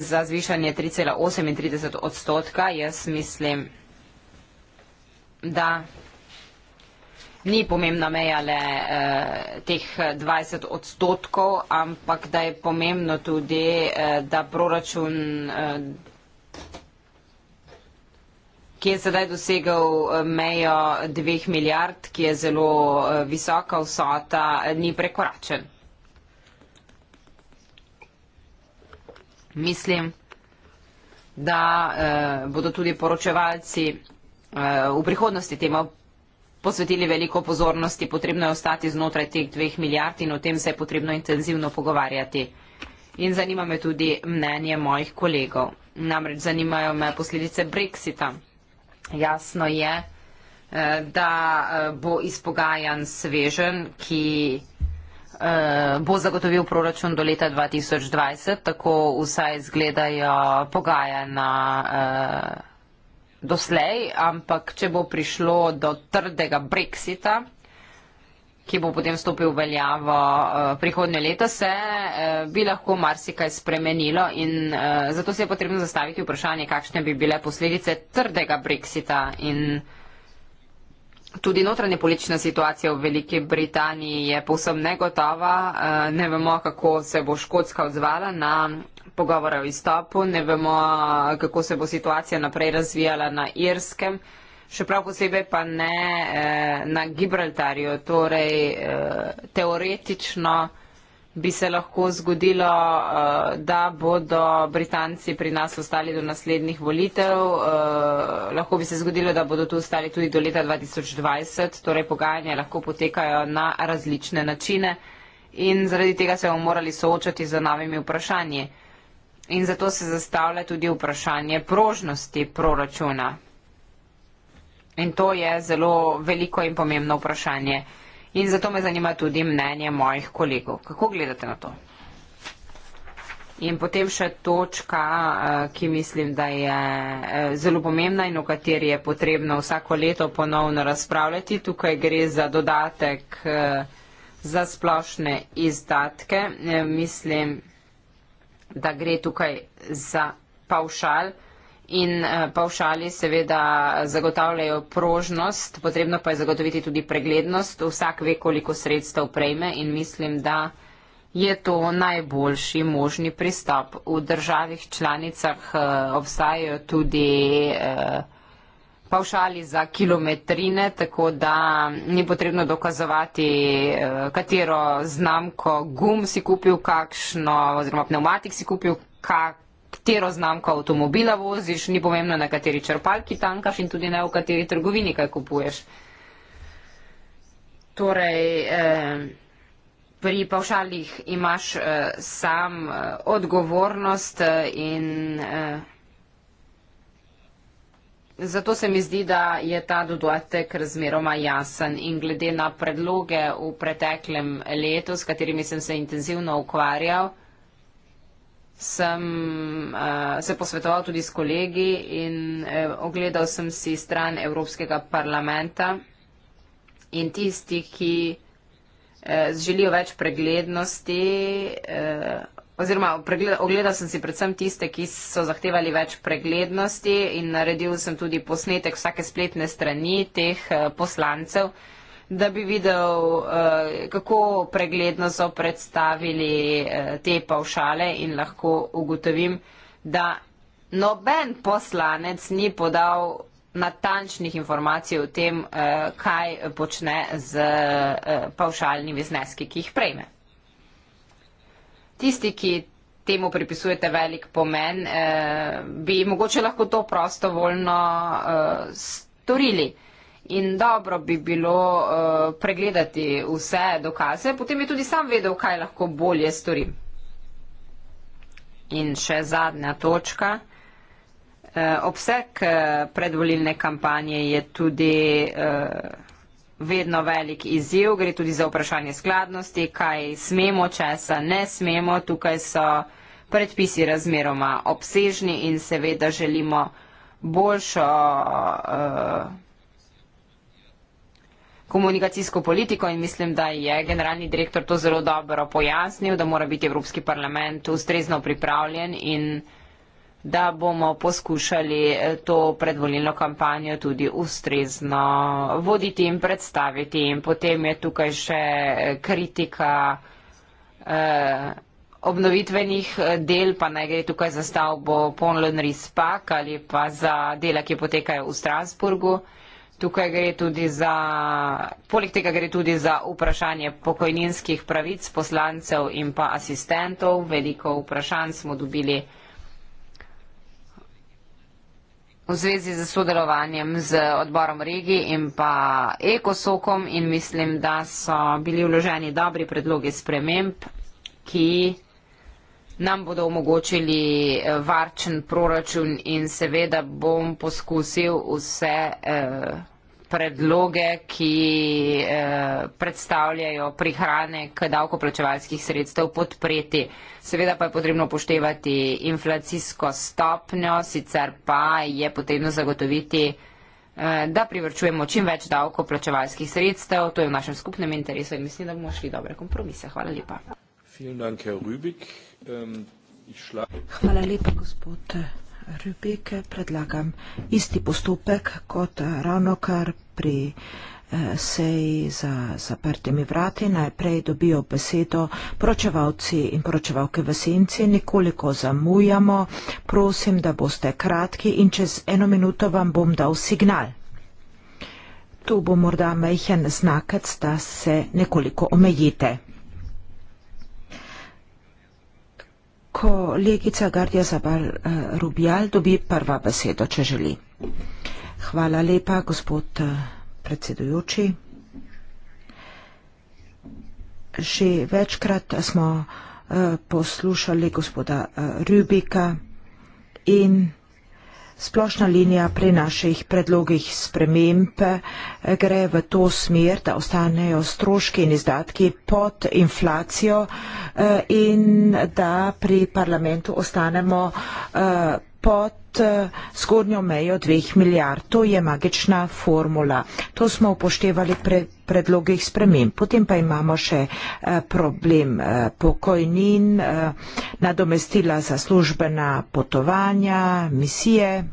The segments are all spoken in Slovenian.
za zvišanje 3,38 odstotka. Jaz mislim, da ni pomembna meja le eh, teh 20 eh, odstotkov, ampak da je pomembno tudi, eh, da proračun, eh, ki je sedaj dosegel eh, mejo 2 milijard, ki je zelo eh, visoka vsota, eh, ni prekoračen. mislim, da eh, bodo tudi poročevalci eh, v prihodnosti temu posvetili veliko pozornosti. Potrebno je ostati znotraj teh dveh milijard in o tem se je potrebno intenzivno pogovarjati. In zanima me tudi mnenje mojih kolegov. Namreč zanimajo me posledice Brexita. Jasno je, eh, da eh, bo izpogajan svežen, ki Eh, bo zagotovil proračun do leta 2020, tako vsaj izgledajo pogajanja eh, doslej, ampak če bo prišlo do trdega brexita, ki bo potem stopil v veljavo eh, prihodnje leto, se bi lahko marsikaj spremenilo in zato se je potrebno zastaviti vprašanje, kakšne bi bile posledice trdega brexita in Tudi notranje politična situacija v Veliki Britaniji je povsem negotova. Eh, ne vemo, kako se bo Škotska odzvala na pogovore o izstopu, ne vemo, kako se bo situacija naprej razvijala na Irskem. Še prav posebej pa ne eh, na Gibraltarju, torej eh, teoretično eh, bi se lahko zgodilo, eh, da bodo Britanci pri nas ostali do naslednjih volitev, eh, lahko bi se zgodilo, da bodo tu ostali tudi do leta 2020, torej pogajanja lahko potekajo na različne načine in zaradi tega se bomo morali soočati z novimi vprašanji. In zato se zastavlja tudi vprašanje prožnosti proračuna. In to je zelo veliko in pomembno vprašanje. In zato me zanima tudi mnenje mojih kolegov. Kako gledate na to? In potem še točka, eh, ki mislim, da je eh, zelo pomembna in o kateri je potrebno vsako leto ponovno razpravljati. Tukaj gre za dodatek eh, za splošne izdatke. Mislim, da gre tukaj za pavšal in eh, pavšali seveda zagotavljajo prožnost, potrebno pa je zagotoviti tudi preglednost, vsak ve, koliko sredstev prejme in mislim, da je to najboljši možni pristop. V državih članicah eh, obstajajo tudi eh, pavšali za kilometrine, tako da ni potrebno dokazovati, katero znamko gum si kupil kakšno, oziroma pneumatik si kupil kak katero znamko avtomobila voziš, ni pomembno, na kateri črpalki tankaš in tudi ne v kateri trgovini kaj kupuješ. Torej, eh, pri pavšalih imaš eh, sam eh, odgovornost in zato se mi zdi, da je ta dodatek razmeroma jasen in glede na predloge v preteklem letu, s katerimi sem se intenzivno ukvarjal, sem uh, se posvetoval tudi s kolegi in uh, ogledal sem si stran Evropskega parlamenta in tisti, ki uh, želijo več preglednosti, uh, oziroma pregleda, ogledal sem si predvsem tiste, ki so zahtevali več preglednosti in naredil sem tudi posnetek vsake spletne strani teh uh, poslancev, uh, da bi videl, eh, kako pregledno so predstavili eh, te pavšale in lahko ugotovim, da noben poslanec ni podal natančnih informacij o tem, eh, kaj počne z pavšalnimi zneski, ki jih prejme. Tisti, ki temu pripisujete velik pomen, bi mogoče lahko to prostovoljno storili in dobro bi bilo uh, pregledati vse dokaze, potem je tudi sam vedel, kaj lahko bolje stori. In še zadnja točka. Eh, obseg eh, predvolilne kampanje je tudi vedno velik izziv, gre tudi za vprašanje skladnosti, kaj smemo, česa ne smemo. Tukaj so predpisi razmeroma obsežni in seveda želimo boljšo komunikacijsko politiko in mislim, da je generalni direktor to zelo dobro pojasnil, da mora biti Evropski parlament ustrezno pripravljen in da bomo poskušali eh, to predvolilno kampanjo tudi ustrezno voditi in predstaviti. In potem je tukaj še eh, kritika eh, obnovitvenih eh, del, pa naj gre tukaj za stavbo Ponlon Rispak ali pa za dela, ki potekajo v Strasburgu. Tukaj gre tudi za, poleg tega gre tudi za vprašanje pokojninskih pravic poslancev in pa asistentov. Veliko vprašanj smo dobili v zvezi z sodelovanjem z odborom regi in pa ekosokom in mislim, da so bili vloženi dobri predlogi sprememb, ki nam bodo omogočili eh, varčen proračun in seveda bom poskusil vse eh, predloge, ki eh, predstavljajo prihranek davkoplačevalskih sredstev podpreti. Seveda pa je potrebno upoštevati inflacijsko stopnjo, sicer pa je potrebno zagotoviti, eh, da privrčujemo čim več davkoplačevalskih sredstev. To je v našem skupnem interesu in mislim, da bomo šli dobre kompromise. Hvala lepa. Vielen Dank, Herr Rübig. Ehm, izšla. Hvala lepa, gospod Rubik. Predlagam isti postopek kot ravno kar pri eh, seji za zaprtimi vrati. Najprej dobijo besedo poročevalci in poročevalke v senci. Nekoliko zamujamo. Prosim, da boste kratki in čez eno minuto vam bom dal signal. Tu bo morda majhen znakec, da se nekoliko omejite. kolegica Gardija Zabal eh, Rubjal dobi prva besedo, če želi. Hvala lepa, gospod eh, predsedujoči. Že večkrat smo eh, poslušali gospoda Rubika in Splošna linija pri naših predlogih sprememb eh, gre v to smer, da ostanejo stroški in izdatki pod inflacijo eh, in da pri parlamentu ostanemo eh, pod eh, zgornjo mejo dveh milijard. To je magična formula. To smo upoštevali pred predlogih sprememb. Potem pa imamo še eh, problem eh, pokojnin, nadomestila za službena potovanja, misije,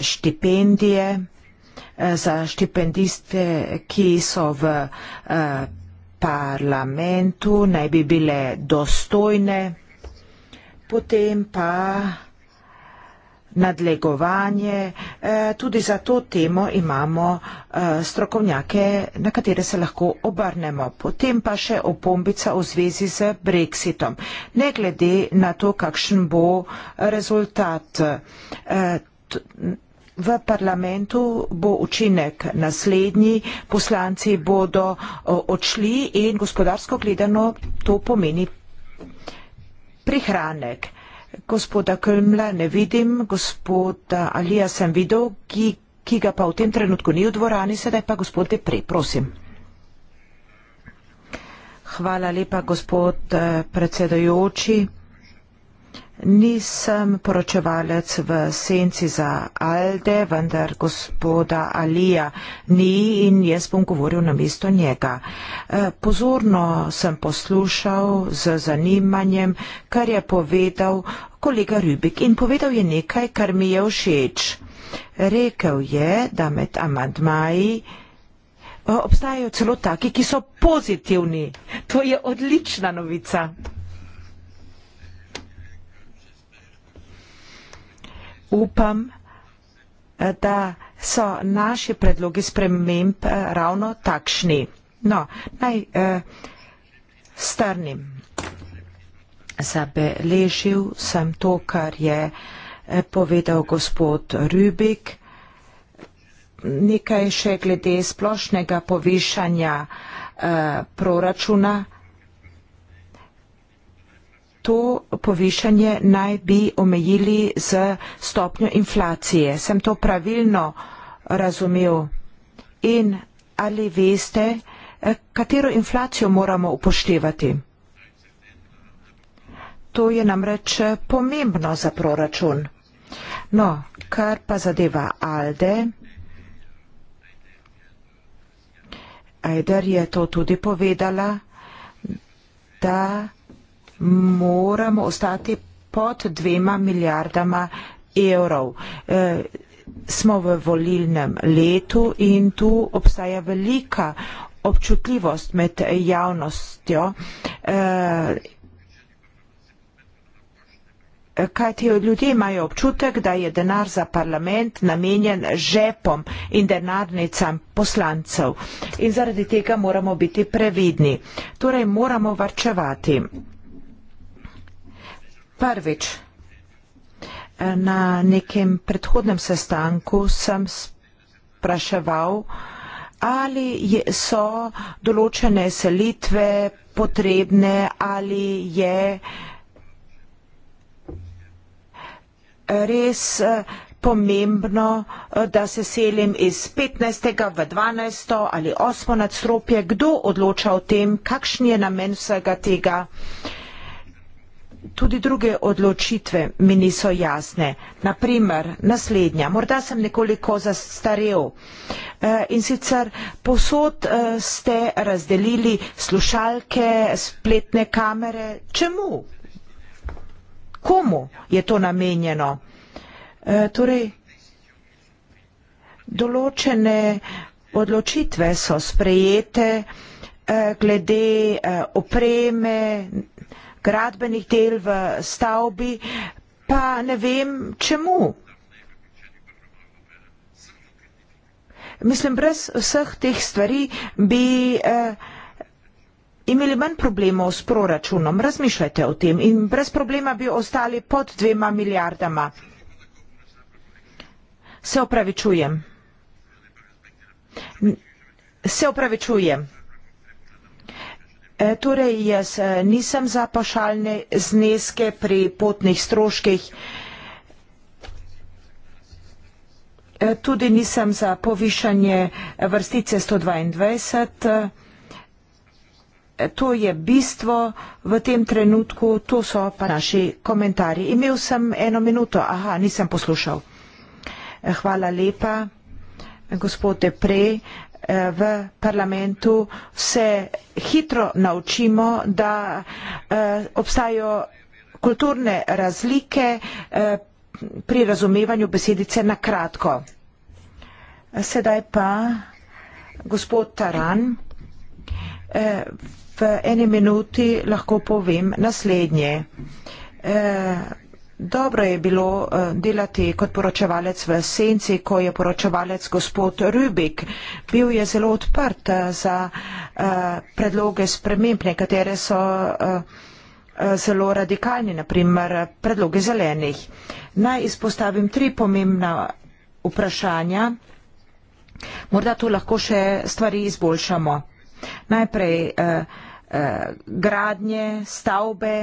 štipendije za štipendiste, ki so v parlamentu, naj bi bile dostojne potem pa nadlegovanje. E, tudi za to temo imamo e, strokovnjake, na katere se lahko obrnemo. Potem pa še opombica v zvezi z Brexitom. Ne glede na to, kakšen bo rezultat. E, v parlamentu bo učinek naslednji, poslanci bodo odšli in gospodarsko gledano to pomeni prihranek. Gospoda Kölmla ne vidim, gospoda Alija sem videl, ki, ki ga pa v tem trenutku ni v dvorani, sedaj pa gospod Depre, prosim. Hvala lepa, gospod eh, predsedojoči. Nisem poročevalec v senci za Alde, vendar gospoda Alija ni in jaz bom govoril na mesto njega. Eh, pozorno sem poslušal z zanimanjem, kar je povedal kolega Rubik in povedal je nekaj, kar mi je všeč. Rekel je, da med amandmaji eh, obstajajo celo taki, ki so pozitivni. To je odlična novica. upam, da so naši predlogi sprememb eh, ravno takšni. No, naj eh, strnim. Zabeležil sem to, kar je eh, povedal gospod Rübik. Nekaj še glede splošnega povišanja eh, proračuna to povišanje naj bi omejili z stopnjo inflacije. Sem to pravilno razumel? In ali veste, katero inflacijo moramo upoštevati? To je namreč pomembno za proračun. No, kar pa zadeva Alde, Ajder je to tudi povedala, da moramo ostati pod dvema milijardama evrov. E, smo v volilnem letu in tu obstaja velika občutljivost med javnostjo. E, Kajti ljudje imajo občutek, da je denar za parlament namenjen žepom in denarnicam poslancev. In zaradi tega moramo biti previdni. Torej moramo varčevati. Prvič, na nekem predhodnem sestanku sem spraševal, ali je, so določene selitve potrebne, ali je res eh, pomembno, eh, da se selim iz 15. v 12. ali 8. nadstropje, kdo odloča o tem, kakšen je namen vsega tega. Uh, tudi druge odločitve mi niso jasne. Naprimer, naslednja, morda sem nekoliko zastarel. E, in sicer posod e, eh, ste razdelili slušalke, spletne kamere. Čemu? Komu je to namenjeno? E, torej, določene odločitve so sprejete e, glede e, opreme, gradbenih del v stavbi, pa ne vem čemu. Mislim, brez vseh teh stvari bi eh, imeli manj problemov s proračunom. Razmišljajte o tem in brez problema bi ostali pod dvema milijardama. Se opravičujem. Se opravičujem. E, torej, jaz e, nisem za pašalne zneske pri potnih stroških. E, tudi nisem za povišanje vrstice 122. To je bistvo v tem trenutku, to so pa naši komentarji. Imel sem eno minuto, aha, nisem poslušal. Hvala lepa, gospod Depre, v parlamentu se hitro naučimo, da eh, obstajajo kulturne razlike eh, pri razumevanju besedice na kratko. Sedaj pa gospod Taran, eh, v eni minuti lahko povem naslednje. Dobro je bilo eh, delati kot poročevalec v senci, ko je poročevalec gospod Rubik. Bil je zelo odprt eh, za eh, predloge sprememb, nekatere so zelo radikalni, naprimer predloge zelenih. Naj izpostavim tri pomembna vprašanja. Morda tu lahko še stvari izboljšamo. Najprej gradnje, stavbe,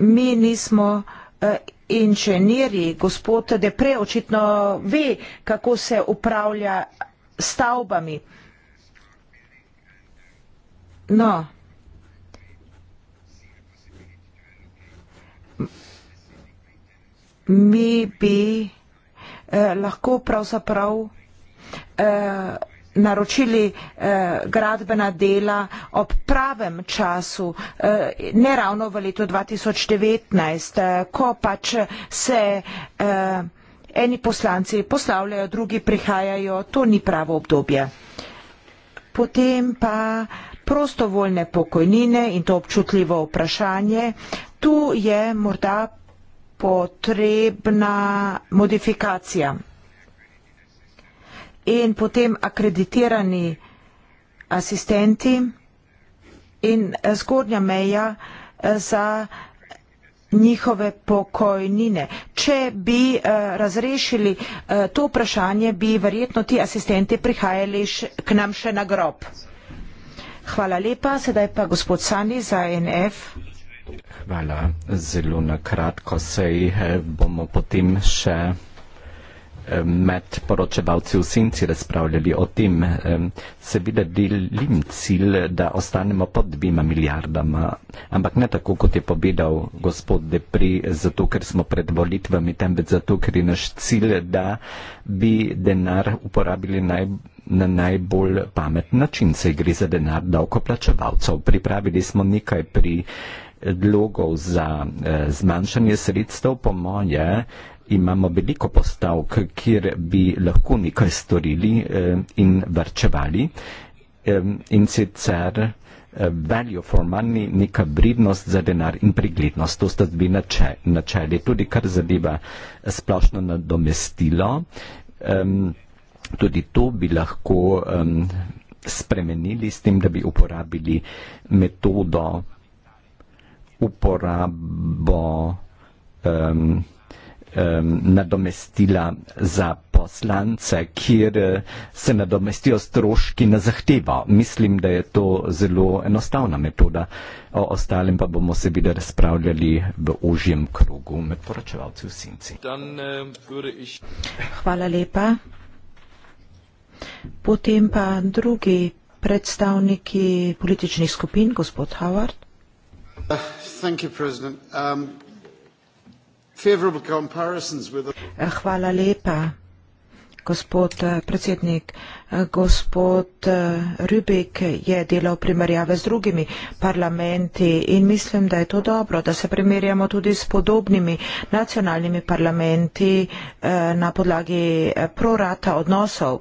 mi nismo eh, inženirji. Gospod Depre očitno ve, kako se upravlja stavbami. No. Mi bi eh, lahko pravzaprav eh, naročili eh, gradbena dela ob pravem času, eh, ne ravno v letu 2019, eh, ko pač se eh, eni poslanci poslavljajo, drugi prihajajo, to ni pravo obdobje. Potem pa prostovoljne pokojnine in to občutljivo vprašanje, tu je morda potrebna modifikacija in potem akreditirani asistenti in eh, zgornja meja eh, za njihove pokojnine. Če bi uh, razrešili uh, to vprašanje, bi verjetno ti asistenti prihajali š, k nam še na grob. Hvala lepa. Sedaj pa gospod Sani za NF. Hvala. Zelo na kratko sej bomo potem še med poročevalci v senci razpravljali o tem, seveda delim cilj, da ostanemo pod dvima milijardama, ampak ne tako, kot je povedal gospod Depri, zato ker smo pred volitvami, temveč zato, ker je naš cilj, da bi denar uporabili naj, na najbolj pameten način, se gre za denar davkoplačevalcev. Pripravili smo nekaj pri dlogov za eh, zmanjšanje sredstev, po moje, imamo veliko postavk, kjer bi lahko nekaj storili eh, in varčevali. In sicer eh, value for money, neka vrednost za denar in preglednost. To sta dve načeli. Tudi kar zadeva eh, splošno nadomestilo, tudi to bi lahko spremenili s tem, da bi uporabili metodo uporabo um, Um, nadomestila za poslance, kjer eh, se nadomestijo stroški na zahtevo. Mislim, da je to zelo enostavna metoda. O ostalem pa bomo seveda razpravljali v ožjem krogu med poročevalci v Sinci. Eh, Hvala lepa. Potem pa drugi predstavniki političnih skupin, gospod Howard. Uh, thank you, President. Um, Eh, hvala lepa, gospod eh, predsednik. Eh, gospod Rübik je delal primerjave z drugimi parlamenti in mislim, da je to dobro, da se primerjamo tudi s podobnimi nacionalnimi parlamenti na podlagi prorata odnosov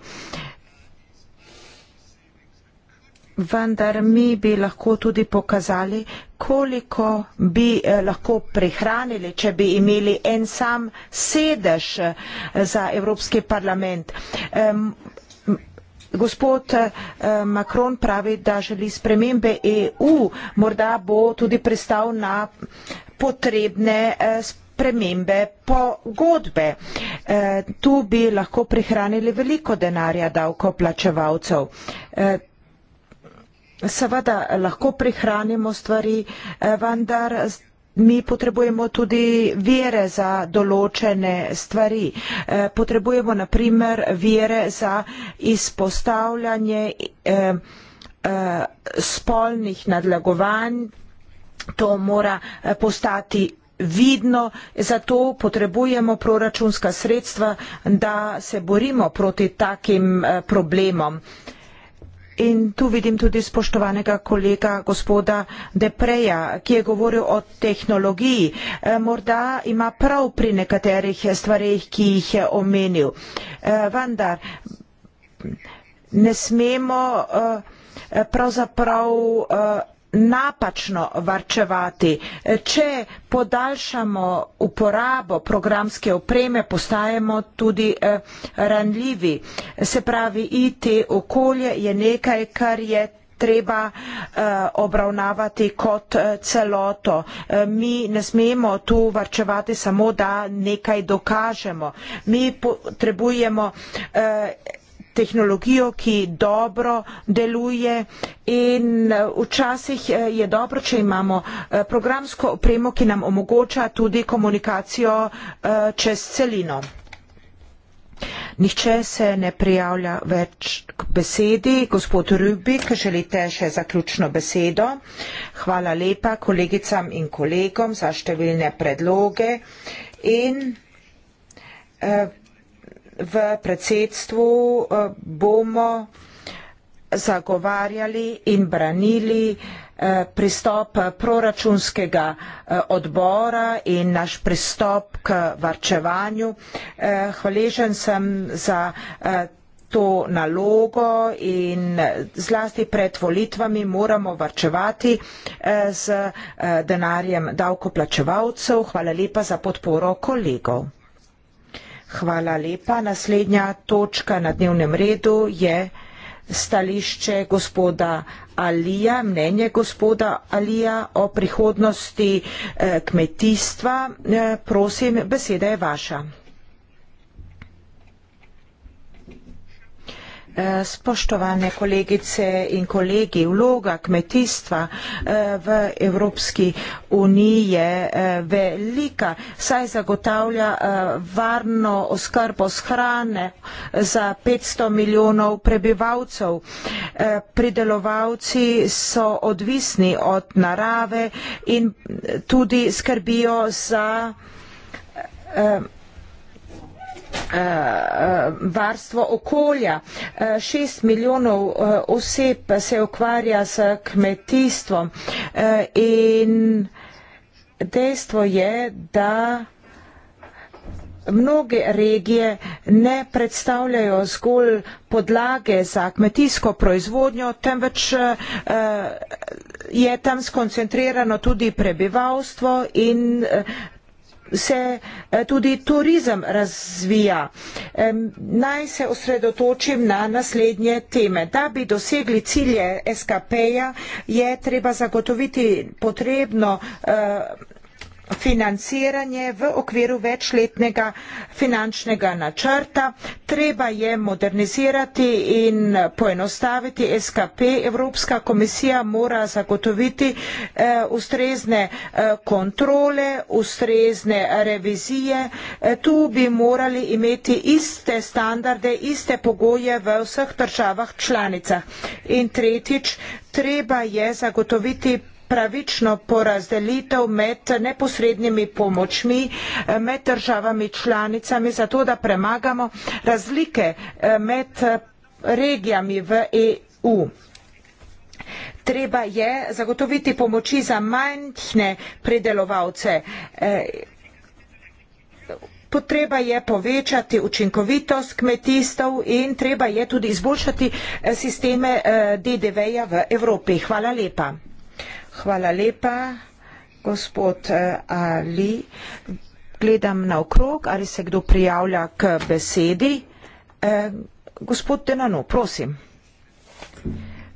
vendar mi bi lahko tudi pokazali, koliko bi eh, lahko prihranili, če bi imeli en sam sedež eh, za Evropski parlament. Gospod eh, Macron pravi, da želi spremembe EU, morda bo tudi pristal na potrebne spremembe pogodbe. Tu bi lahko prihranili veliko denarja davkoplačevalcev seveda lahko prihranimo stvari, eh, vendar mi potrebujemo tudi vere za določene stvari. Eh, potrebujemo naprimer vere za izpostavljanje eh, spolnih nadlagovanj. To mora postati vidno, zato potrebujemo proračunska sredstva, da se borimo proti takim problemom. In tu vidim tudi spoštovanega kolega gospoda Depreja, ki je govoril o tehnologiji. Eh, morda ima prav pri nekaterih stvarih, ki jih je omenil. Eh, vendar ne smemo eh, pravzaprav napačno varčevati. Če podaljšamo uporabo programske opreme, postajamo tudi eh, ranljivi. Se pravi, IT okolje je nekaj, kar je treba eh, obravnavati kot eh, celoto. Mi ne smemo tu varčevati samo, da nekaj dokažemo. Mi potrebujemo tehnologijo, ki dobro deluje in eh, včasih eh, je dobro, če imamo eh, programsko opremo, ki nam omogoča tudi komunikacijo čez celino. Nihče se ne prijavlja več k besedi. Gospod Rubik, želite še zaključno besedo? Hvala lepa kolegicam in kolegom za številne predloge. In, eh, v predsedstvu eh, bomo zagovarjali in branili eh, pristop proračunskega eh, odbora in naš pristop k varčevanju. Hvaležen sem za to nalogo in zlasti pred volitvami moramo varčevati z denarjem davkoplačevalcev. Hvala lepa za podporo kolegov. Hvala lepa. Naslednja točka na dnevnem redu je stališče gospoda Alija, mnenje gospoda Alija o prihodnosti eh, kmetijstva. Eh, prosim, beseda je vaša. Eh, spoštovane kolegice in kolegi, vloga kmetijstva eh, v Evropski uniji je eh, velika, saj zagotavlja varno oskrbo s hrane za 500 milijonov prebivalcev. Pridelovalci so odvisni od narave in tudi skrbijo za Eh, varstvo okolja. Eh, šest milijonov eh, oseb se ukvarja s kmetijstvom in dejstvo je, da mnoge regije ne predstavljajo zgolj podlage za kmetijsko proizvodnjo, temveč je tam skoncentrirano tudi prebivalstvo in se eh, tudi turizem razvija. Naj se osredotočim na naslednje teme. Da bi dosegli cilje SKP-ja, je treba zagotoviti potrebno eh, financiranje v okviru večletnega finančnega načrta. Treba je modernizirati in poenostaviti SKP. Evropska komisija mora zagotoviti eh, ustrezne eh, kontrole, ustrezne revizije. Eh, tu bi morali imeti iste standarde, iste pogoje v vseh državah članicah. In tretjič, treba je zagotoviti pravično porazdelitev med neposrednimi pomočmi eh, med državami članicami, zato da premagamo razlike eh, med eh, regijami v EU. Treba je zagotoviti pomoči za manjšne pridelovalce. Potreba je povečati učinkovitost kmetijstv in treba je tudi izboljšati sisteme DDV-ja v Evropi. Hvala lepa. Hvala lepa. Gospod eh, Ali, gledam na okrog, ali se kdo prijavlja k besedi. Eh, gospod Denano, prosim.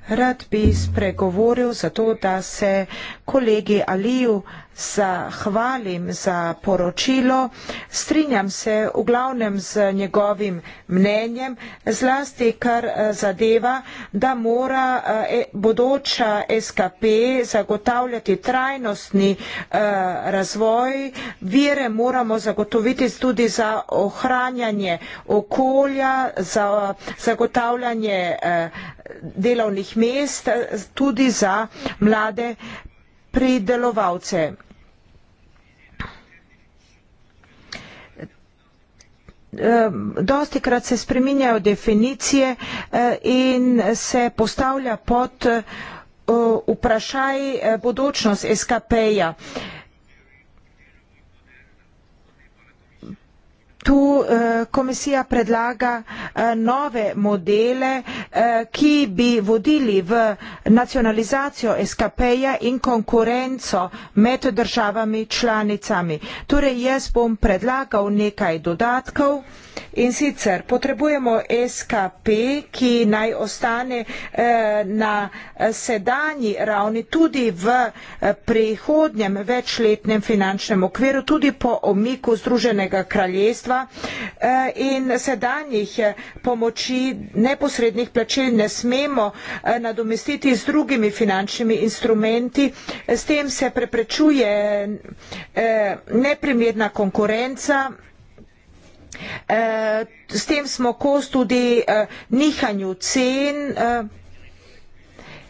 Rad bi spregovoril za to, da se kolegi Aliju zahvalim za poročilo. Strinjam se v glavnem z njegovim mnenjem, zlasti kar eh, zadeva, da mora eh, e, bodoča SKP zagotavljati trajnostni eh, razvoj, vire moramo zagotoviti tudi za ohranjanje okolja, za zagotavljanje delovnih mest, tudi za mlade pridelovalce. Ehm, Dosti krat se spreminjajo definicije eh, in se postavlja pod eh, vprašaj eh, bodočnost SKP-ja. tu eh, komisija predlaga eh, nove modele, eh, ki bi vodili v nacionalizacijo SKP-ja in konkurenco med državami članicami. Torej jaz bom predlagal nekaj dodatkov. In sicer potrebujemo SKP, ki naj ostane eh, na eh, sedanji ravni tudi v eh, prihodnjem večletnem finančnem okviru, tudi po omiku Združenega kraljestva in sedanjih pomoči neposrednih plačil ne smemo nadomestiti z drugimi finančnimi instrumenti. S tem se preprečuje neprimerna konkurenca Eh, s tem smo kos tudi eh, nihanju cen eh,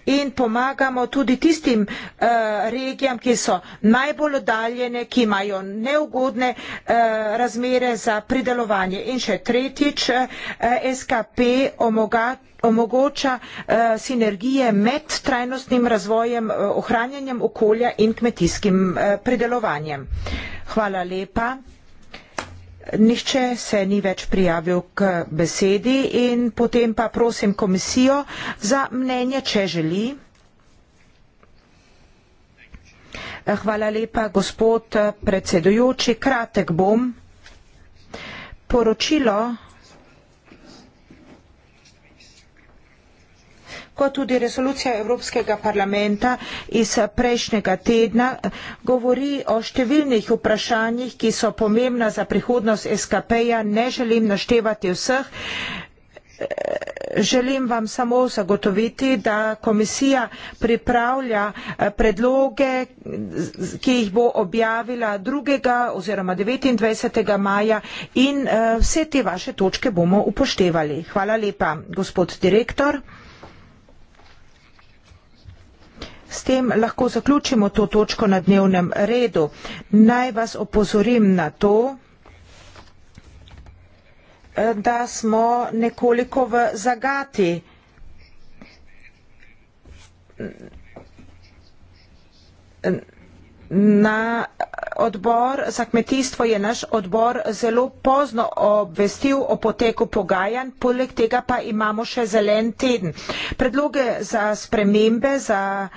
in pomagamo tudi tistim eh, regijam, ki so najbolj oddaljene, ki imajo neugodne eh, razmere za pridelovanje. In še tretjič, eh, SKP omogati omogoča uh, sinergije med trajnostnim razvojem, uh, ohranjanjem okolja in kmetijskim uh, predelovanjem. Hvala lepa. Nihče se ni več prijavil k besedi in potem pa prosim komisijo za mnenje, če želi. Hvala lepa, gospod predsedujoči. Kratek bom. Poročilo. kot tudi resolucija Evropskega parlamenta iz prejšnjega tedna, govori o številnih vprašanjih, ki so pomembna za prihodnost SKP-ja. Ne želim naštevati vseh. Želim vam samo zagotoviti, da komisija pripravlja eh, predloge, ki jih bo objavila 2. oziroma 29. maja in eh, vse te vaše točke bomo upoštevali. Hvala lepa, gospod direktor. S tem lahko zaključimo to točko na dnevnem redu. Naj vas opozorim na to, da smo nekoliko v zagati. N na odbor za kmetijstvo je naš odbor zelo pozno obvestil o poteku pogajanj, poleg tega pa imamo še zelen teden. Predloge za spremembe, za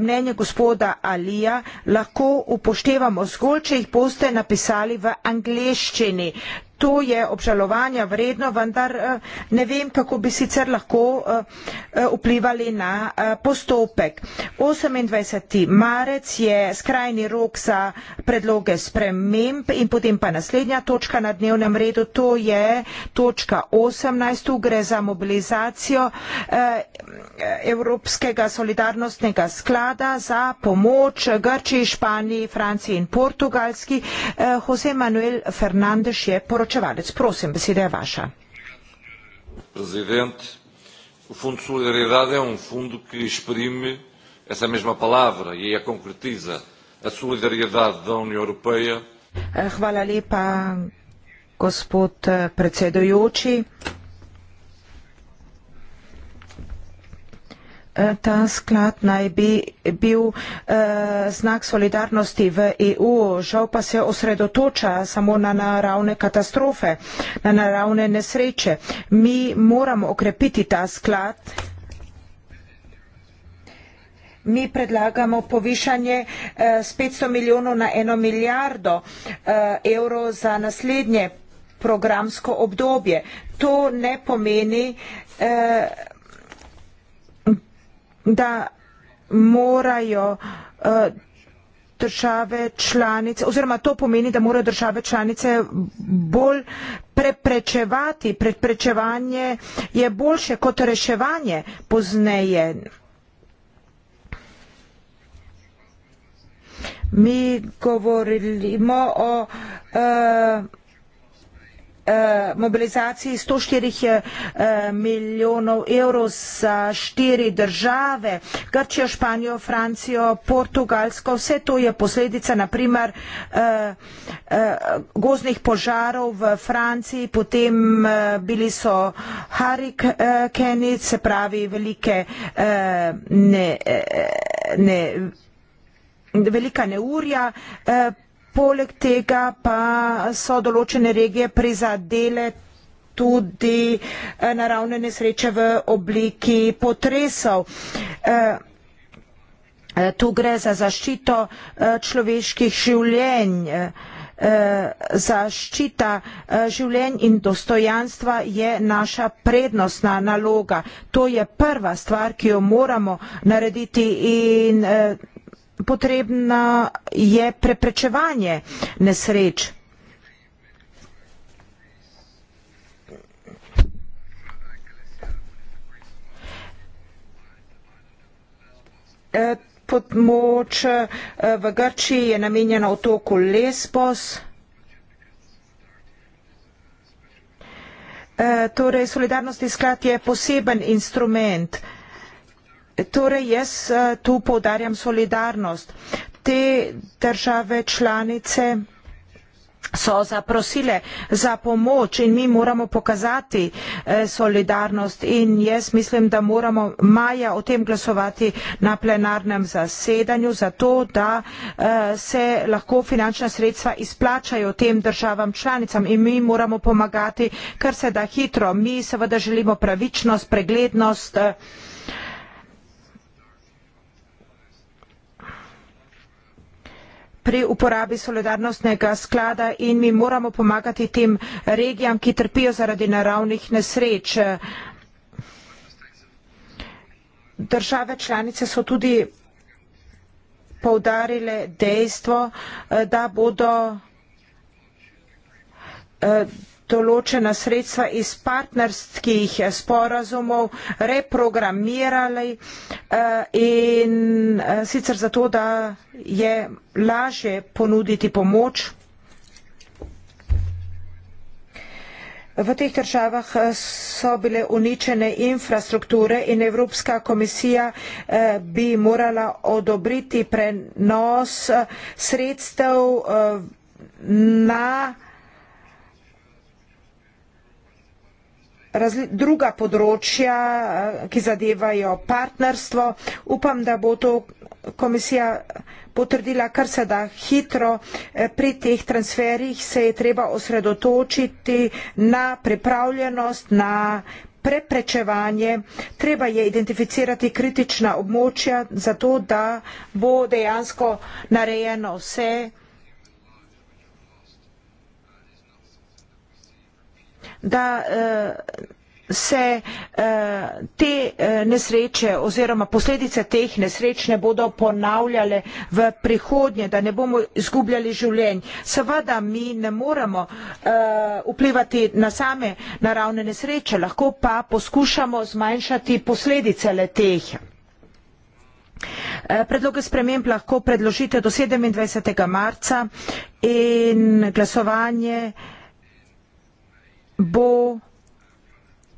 mnenje gospoda Alija lahko upoštevamo zgolj, če jih boste napisali v angleščini. To je obžalovanja vredno, vendar eh, ne vem, kako bi sicer lahko eh, eh, vplivali na postopek. 28. marec je skrajni rok za predloge sprememb in potem pa naslednja točka na dnevnem redu, to je točka 18. Gre za mobilizacijo Evropskega solidarnostnega skladu sklada za pomoč Grčiji, Španiji, Franciji in Portugalski. Eh, Jose Manuel Fernandez je poročevalec. Prosim, beseda je vaša. Prezident, o Fundo de Solidariedade je un um fundo ki exprime essa mesma palavra i je konkretiza a solidariedade da Unija Europeja. Eh, hvala lepa, gospod eh, predsedojoči. Eh, ta sklad naj bi bil eh, znak solidarnosti v EU, žal pa se osredotoča samo na naravne katastrofe, na naravne nesreče. Mi moramo okrepiti ta sklad. Mi predlagamo povišanje eh, s 500 milijonov na eno milijardo eh, evrov za naslednje programsko obdobje. To ne pomeni. Eh, da morajo eh, države članice, oziroma to pomeni, da morajo države članice bolj preprečevati, preprečevanje je boljše kot reševanje pozneje. Mi govorimo o uh, Eh, mobilizaciji 104 eh, eh, milijonov evrov za štiri države, Grčijo, Španijo, Francijo, Portugalsko, vse to je posledica naprimer goznih požarov v Franciji, potem bili so harikenic, se pravi velike ne, ne, velika neurja, Poleg tega pa so določene regije prizadele tudi eh, naravne nesreče v obliki potresov. Eh, eh, tu gre za zaščito človeških življenj. Zaščita življenj in dostojanstva je naša prednostna naloga. To je prva stvar, ki jo moramo narediti in potrebno je preprečevanje nesreč. E, podmoč e, v Grčiji je namenjena otoku Lesbos. E, torej, solidarnostni sklad je poseben instrument, Torej, jaz eh, tu podarjam solidarnost. Te države članice so zaprosile za pomoč in mi moramo pokazati eh, solidarnost in jaz mislim, da moramo maja o tem glasovati na plenarnem zasedanju, zato da eh, se lahko finančna sredstva izplačajo tem državam članicam in mi moramo pomagati kar se da hitro. Mi seveda želimo pravičnost, preglednost. pri uporabi solidarnostnega sklada in mi moramo pomagati tem regijam, ki trpijo zaradi naravnih nesreč. Države članice so tudi poudarile dejstvo, eh, da bodo eh, določena sredstva iz partnerskih eh, sporazumov reprogramirali eh, in eh, sicer zato, da je lažje ponuditi pomoč. V teh državah so bile uničene infrastrukture in Evropska komisija bi morala odobriti prenos sredstev na druga področja, eh, ki zadevajo partnerstvo. Upam, da bo to komisija potrdila kar se da hitro. Eh, pri teh transferih se je treba osredotočiti na pripravljenost, na preprečevanje. Treba je identificirati kritična območja za to, da bo dejansko narejeno vse. da uh, se uh, te uh, nesreče oziroma posledice teh nesreč ne bodo ponavljale v prihodnje, da ne bomo izgubljali življenj. Seveda mi ne moremo uh, vplivati na same naravne nesreče, lahko pa poskušamo zmanjšati posledice le teh. Predloge sprememb lahko predložite do 27. marca in glasovanje bo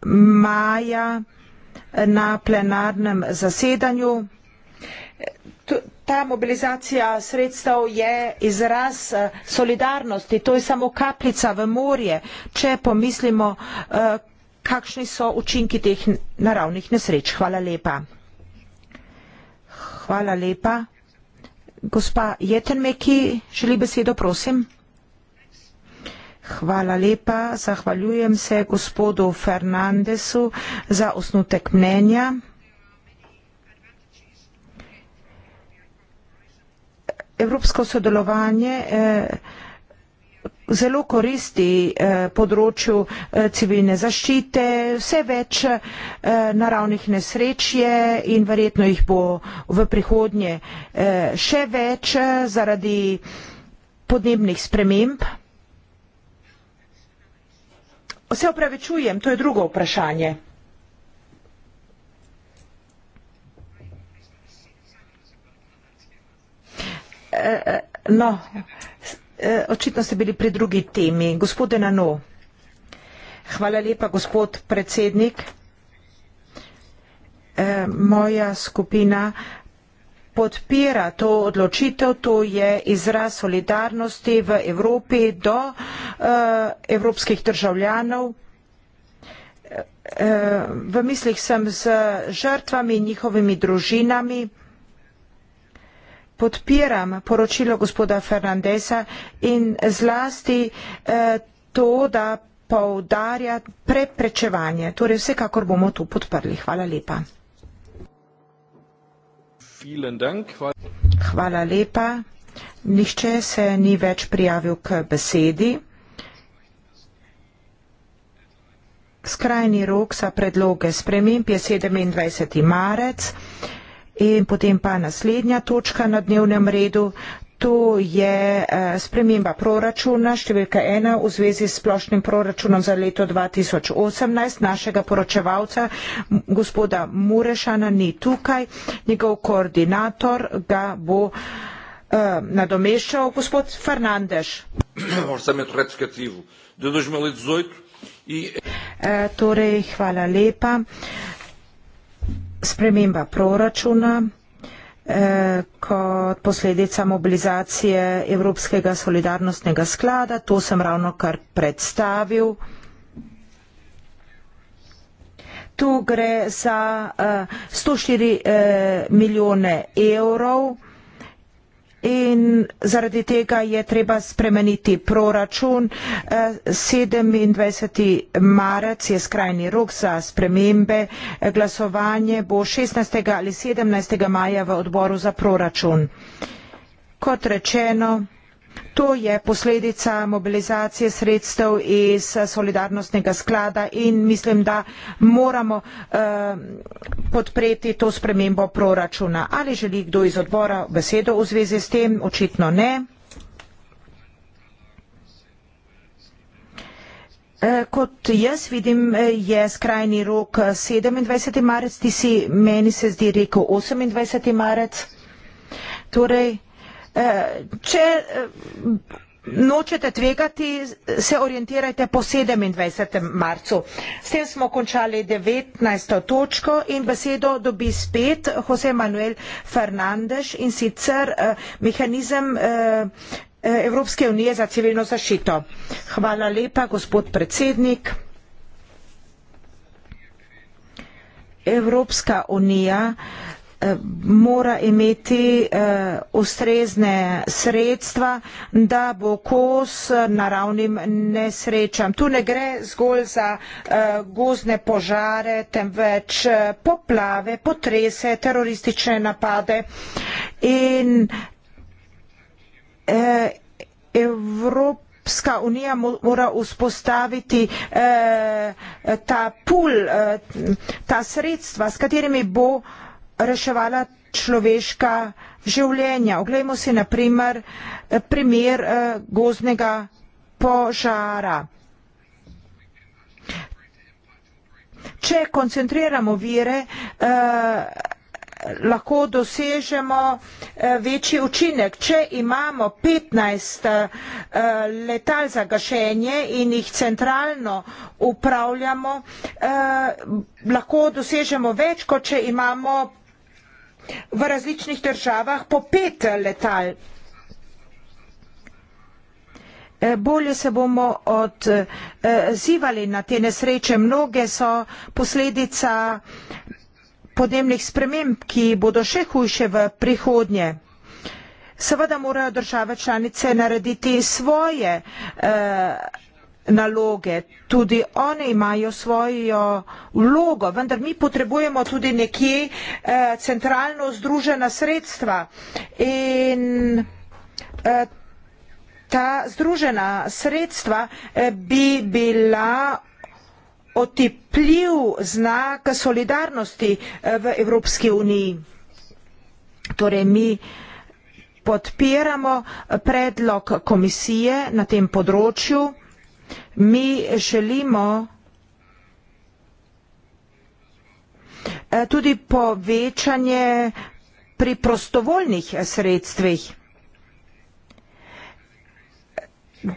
maja na plenarnem zasedanju. Ta mobilizacija sredstev je izraz eh, solidarnosti, to je samo kapljica v morje, če pomislimo, eh, kakšni so učinki teh naravnih nesreč. Hvala lepa. Hvala lepa. Gospa Jetenmeki, želi besedo, prosim. Hvala lepa, zahvaljujem se gospodu Fernandesu za osnutek mnenja. Evropsko sodelovanje eh, zelo koristi eh, področju eh, civilne zaščite, vse več naravnih nesreč je in verjetno jih bo v prihodnje še več zaradi podnebnih sprememb. Se opravičujem, to je drugo vprašanje. E, e, no, e, očitno ste bili pri drugi temi. Gospode Nano, hvala lepa, gospod predsednik. Moja skupina podpira to odločitev, to je izraz solidarnosti v Evropi do uh, evropskih državljanov. Uh, v mislih sem z žrtvami in njihovimi družinami. Podpiram poročilo gospoda Fernandesa in zlasti eh, to, da poudarja preprečevanje. Torej vsekakor bomo to podprli. Hvala lepa. Hvala lepa. Nihče se ni več prijavil k besedi. Skrajni rok za predloge sprememb je 27. marec in potem pa naslednja točka na dnevnem redu, To je eh, sprememba proračuna številka ena v zvezi s splošnim proračunom za leto 2018. Našega poročevalca, gospoda Murešana, ni tukaj. Njegov koordinator ga bo eh, nadomeščal, gospod Fernandez. Orsamento retificativo de 2018. E... e- eh, torej, hvala lepa. Sprememba proračuna. Eh, kot posledica mobilizacije Evropskega solidarnostnega sklada. To sem ravno kar predstavil. Tu gre za 104 eh, eh, milijone evrov in zaradi tega je treba spremeniti proračun. 27. Eh, marec je skrajni rok za spremembe. Eh, glasovanje bo 16. ali 17. maja v odboru za proračun. Kot rečeno, To je posledica mobilizacije sredstev iz eh, solidarnostnega sklada in mislim, da moramo eh, podpreti to spremembo proračuna. Ali želi kdo iz odbora besedo v zvezi s tem? Očitno ne. Eh, kot jaz vidim, eh, je skrajni rok 27. marec, ti si meni se zdi rekel 28. marec. Torej, Eh, če eh, nočete tvegati, se orientirajte po 27. marcu. S tem smo končali 19. točko in besedo dobi spet Jose Manuel Fernandez in sicer eh, mehanizem Evropske unije za civilno zašito. Hvala lepa, gospod predsednik. Evropska unija uh, Eh, mora imeti eh, ustrezne sredstva, da bo kos naravnim nesrečam. Tu ne gre zgolj za eh, gozne požare, temveč eh, poplave, potrese, teroristične napade in eh, Evropa Evropska unija mora vzpostaviti eh, ta pul, eh, ta sredstva, s katerimi bo eh, reševala človeška življenja. Oglejmo si naprimer primer eh, gozdnega požara. Če koncentriramo vire, eh, lahko dosežemo eh, večji učinek. Če imamo 15 letal za gašenje in jih centralno upravljamo, lahko dosežemo več, kot če imamo v različnih državah po pet letal. Eh, bolje se bomo eh, odzivali na te nesreče. Mnoge so posledica podnebnih sprememb, ki bodo še hujše v prihodnje. Seveda morajo države članice narediti svoje eh, naloge. Tudi one imajo svojo vlogo, vendar mi potrebujemo tudi nekje eh, centralno združena sredstva. In eh, ta združena sredstva eh, bi bila otipljiv znak solidarnosti eh, v Evropski uniji. Torej, mi podpiramo eh, predlog komisije na tem področju. Mi želimo eh, tudi povečanje pri prostovoljnih sredstvih.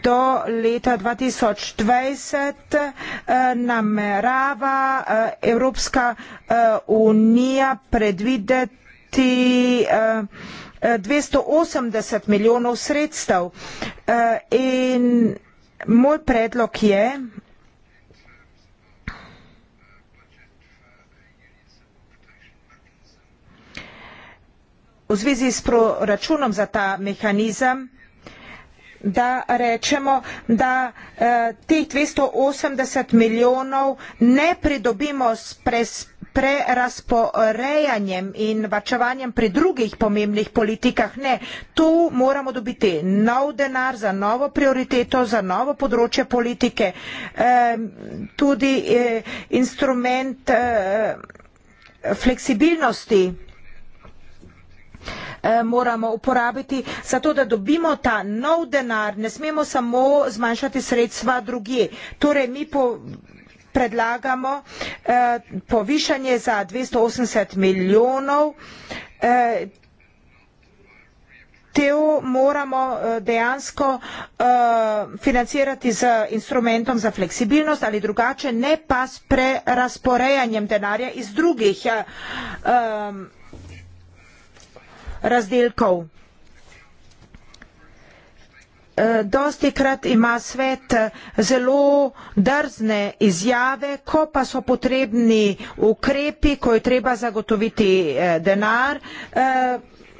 Do leta 2020 eh, namerava eh, Evropska unija predvideti 280 milijonov sredstev in Moj predlog je, v zvezi s proračunom za ta mehanizem, da rečemo, da eh, teh 280 milijonov ne pridobimo s prespešnjami prerasporejanjem in vačevanjem pri drugih pomembnih politikah. Ne, tu moramo dobiti nov denar za novo prioriteto, za novo področje politike, tudi eh, instrument eh, fleksibilnosti eh, moramo uporabiti, zato da dobimo ta nov denar, ne smemo samo zmanjšati sredstva drugje. Torej, mi po predlagamo eh, povišanje za dvesto milijonov eh, to moramo eh, dejansko uh, financirati z instrumentom za fleksibilnost ali drugače ne pa s prerasporejanjem denarja iz drugih uh, um, razdelkov. Eh, dosti krat ima svet eh, zelo drzne izjave, ko pa so potrebni ukrepi, ko je treba zagotoviti eh, denar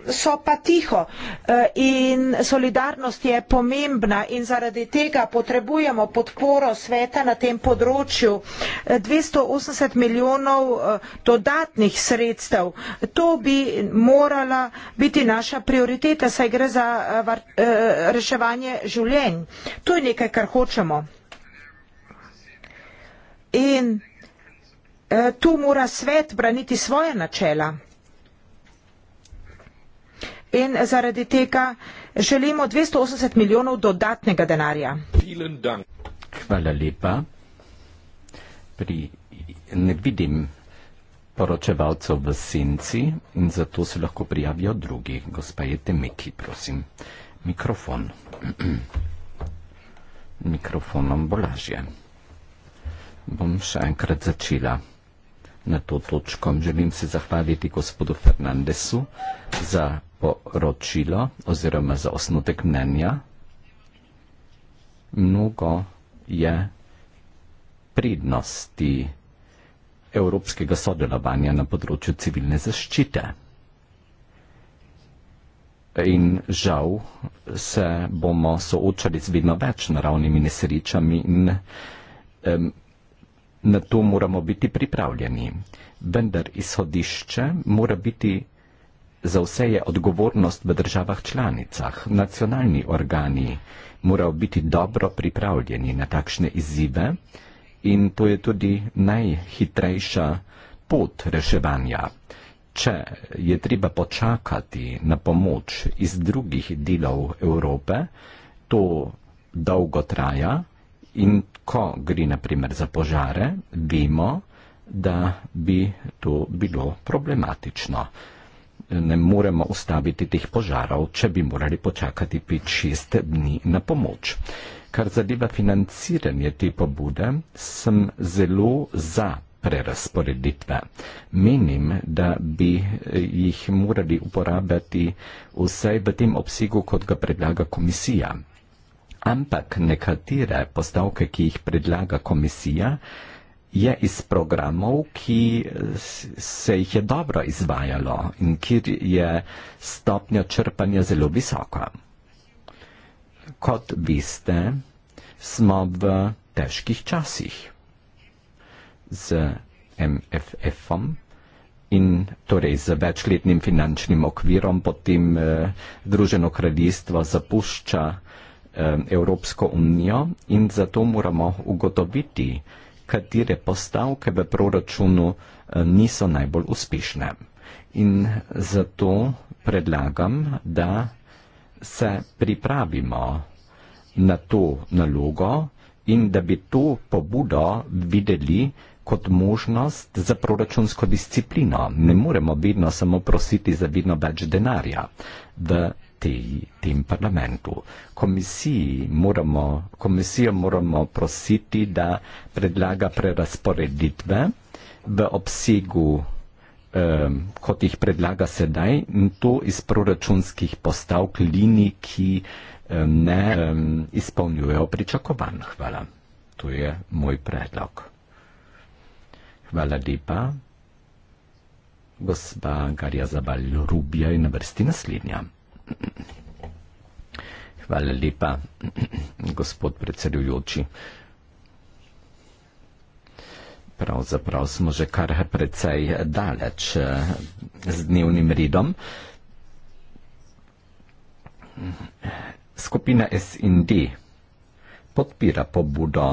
so pa tiho eh, in solidarnost je pomembna in zaradi tega potrebujemo podporo sveta na tem področju 280 eh, milijonov eh, dodatnih sredstev. To bi morala biti naša prioriteta, saj gre za reševanje življenj. To je nekaj, kar hočemo. In tu mora svet braniti svoje načela in zaradi tega želimo 280 milijonov dodatnega denarja. Hvala lepa. Pri ne vidim poročevalcev v senci in zato se lahko prijavijo drugi. Gospa je temeki, prosim. Mikrofon. Mikrofonom bolažje. Bom še enkrat začela na to točko. Želim se zahvaliti gospodu Fernandesu za poročilo oziroma za osnutek mnenja. Mnogo je pridnosti evropskega sodelovanja na področju civilne zaščite. In žal se bomo soočali z vedno več naravnimi nesrečami in na to moramo biti pripravljeni. Vendar izhodišče mora biti za vse je odgovornost v državah članicah. Nacionalni organi morajo biti dobro pripravljeni na takšne izzive in to je tudi najhitrejša pot reševanja. Če je treba počakati na pomoč iz drugih delov Evrope, to dolgo traja in ko gre naprimer za požare, vemo, da bi to bilo problematično. Ne moremo ustaviti teh požarov, če bi morali počakati 5-6 dni na pomoč. Kar zadeva financiranje te pobude, sem zelo za prerasporeditve. Menim, da bi eh, jih morali uporabljati vsaj v tem obsegu, kot ga predlaga komisija ampak nekatere postavke, ki jih predlaga komisija, je iz programov, ki se jih je dobro izvajalo in kjer je stopnja črpanja zelo visoka. Kot veste, smo v težkih časih z MFF-om in torej z večletnim finančnim okvirom, potem eh, Združeno kraljestvo zapušča eh, Eh, Evropsko unijo in zato moramo ugotoviti, katere postavke v proračunu eh, niso najbolj uspešne. In zato predlagam, da se pripravimo na to nalogo in da bi to pobudo videli kot možnost za proračunsko disciplino. Ne moremo vedno samo prositi za vedno več denarja. V tej, tem parlamentu. Komisiji moramo, komisijo moramo prositi, da predlaga prerasporeditve v obsegu, eh, kot jih predlaga sedaj, in to iz proračunskih postavk linij, ki eh, ne eh, izpolnjujejo pričakovanj. Hvala. To je moj predlog. Hvala lepa. Gospa Garja Zabal Rubija je na vrsti naslednja. Hvala lepa, gospod predsedujoči. Pravzaprav smo že kar precej daleč eh, z dnevnim redom. Skupina SND podpira pobudo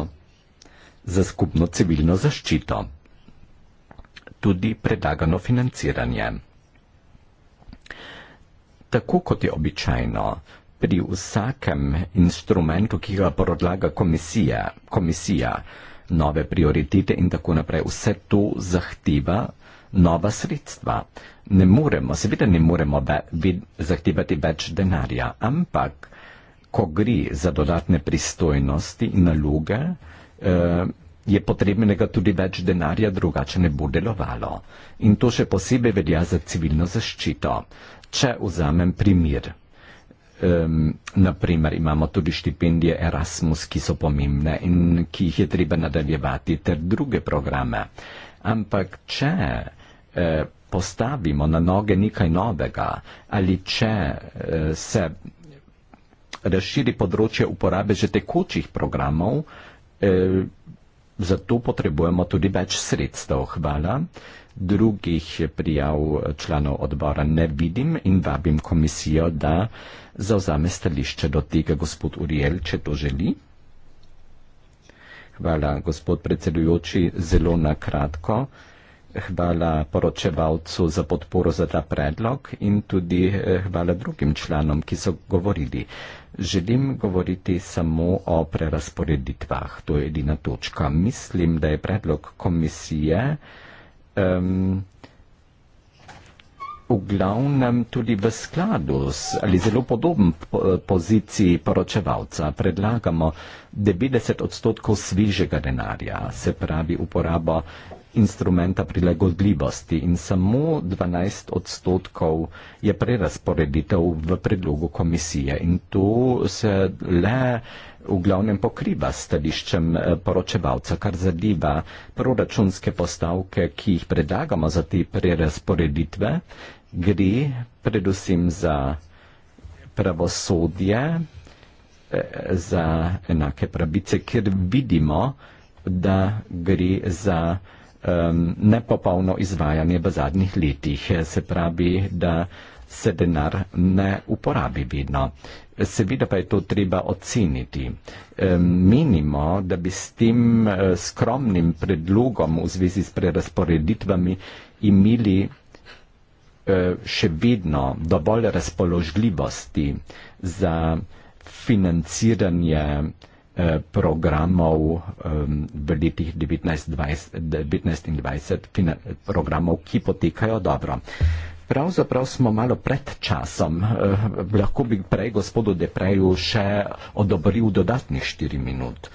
za skupno civilno zaščito, tudi predlagano financiranje tako kot je običajno. Pri vsakem instrumentu, ki ga predlaga komisija, komisija, nove prioritete in tako naprej, vse to zahteva nova sredstva. Ne moremo, seveda ne moremo ve, zahtevati več denarja, ampak ko gre za dodatne pristojnosti in naloge, eh, je potrebnega tudi več denarja, drugače ne bo delovalo. In to še posebej velja za civilno zaščito. Če vzamem primir, um, naprimer imamo tudi štipendije Erasmus, ki so pomembne in ki jih je treba nadaljevati, ter druge programe. Ampak če eh, postavimo na noge nekaj novega ali če eh, se razširi področje uporabe že tekočih programov, eh, zato potrebujemo tudi več sredstev. Hvala. Eh, drugih prijav članov odbora ne vidim in vabim komisijo, da zauzame stališče do tega gospod Uriel, če to želi. Hvala, gospod predsedujoči, zelo na kratko. Hvala poročevalcu za podporo za ta predlog in tudi eh, hvala drugim članom, ki so govorili. Želim govoriti samo o prerasporeditvah. To je edina točka. Mislim, da je predlog komisije eh, um, v glavnem tudi v skladu s, ali zelo podoben eh, poziciji poročevalca predlagamo 90 odstotkov svižega denarja, se pravi uporabo instrumenta prilagodljivosti in samo 12 odstotkov je prerasporeditev v predlogu komisije. In to se le v glavnem pokriva s stališčem eh, poročevalca, kar zadeva proračunske postavke, ki jih predlagamo za te prerasporeditve, gre predvsem za pravosodje, eh, za enake pravice, ker vidimo, da gre za um, nepopolno izvajanje v zadnjih letih. Se pravi, da se denar ne uporabi vidno. Seveda pa je to treba oceniti. Um, menimo, da bi s tem uh, skromnim predlogom v zvezi s prerasporeditvami imeli uh, še vedno dovolj razpoložljivosti za financiranje Eh, programov v letih 19, 20, 19 in 20 programov, ki potekajo dobro. Pravzaprav smo malo pred časom, eh, lahko bi prej gospodu Depreju še odobril dodatnih 4 minut.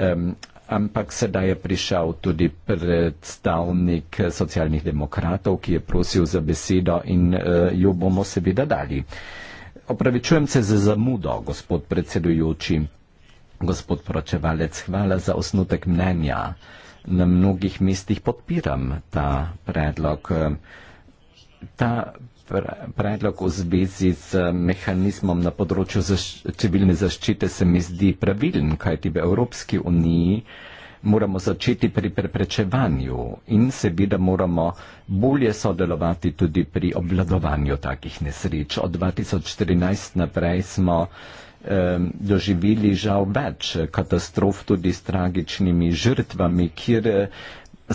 Um, ampak sedaj je prišel tudi predstavnik eh, socialnih demokratov, ki je prosil za besedo in eh, jo bomo seveda dali. Opravičujem se za zamudo, gospod predsedujoči gospod poročevalec, hvala za osnutek mnenja. Na mnogih mestih podpiram ta predlog. Ta predlog v zvezi z mehanizmom na področju zaš civilne zaščite se mi zdi pravilen, kajti v Evropski uniji moramo začeti pri preprečevanju in seveda moramo bolje sodelovati tudi pri obvladovanju takih nesreč. Od 2014 naprej smo doživeli žal več katastrof tudi s tragičnimi žrtvami, kjer eh,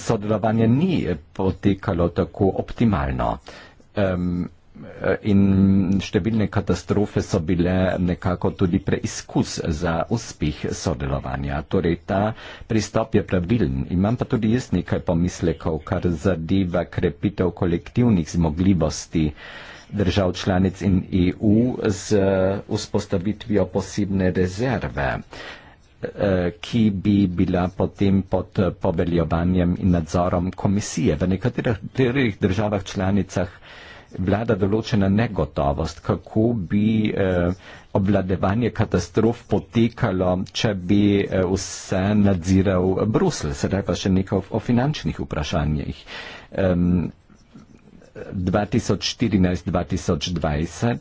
sodelovanje ni potekalo tako optimalno. Eh, in številne katastrofe so bile nekako tudi preizkus za uspeh sodelovanja. Torej ta pristop je pravilen. Imam pa tudi jaz nekaj pomislekov, kar zadeva krepitev kolektivnih zmogljivosti držav članic in EU z eh, vzpostavitvijo posebne rezerve eh, ki bi bila potem pod eh, poveljovanjem in nadzorom komisije. V nekaterih državah članicah vlada določena negotovost, kako bi obvladevanje katastrof potekalo, če bi vse nadziral Brusel, sedaj pa še nekaj o finančnih vprašanjih. 2014-2020.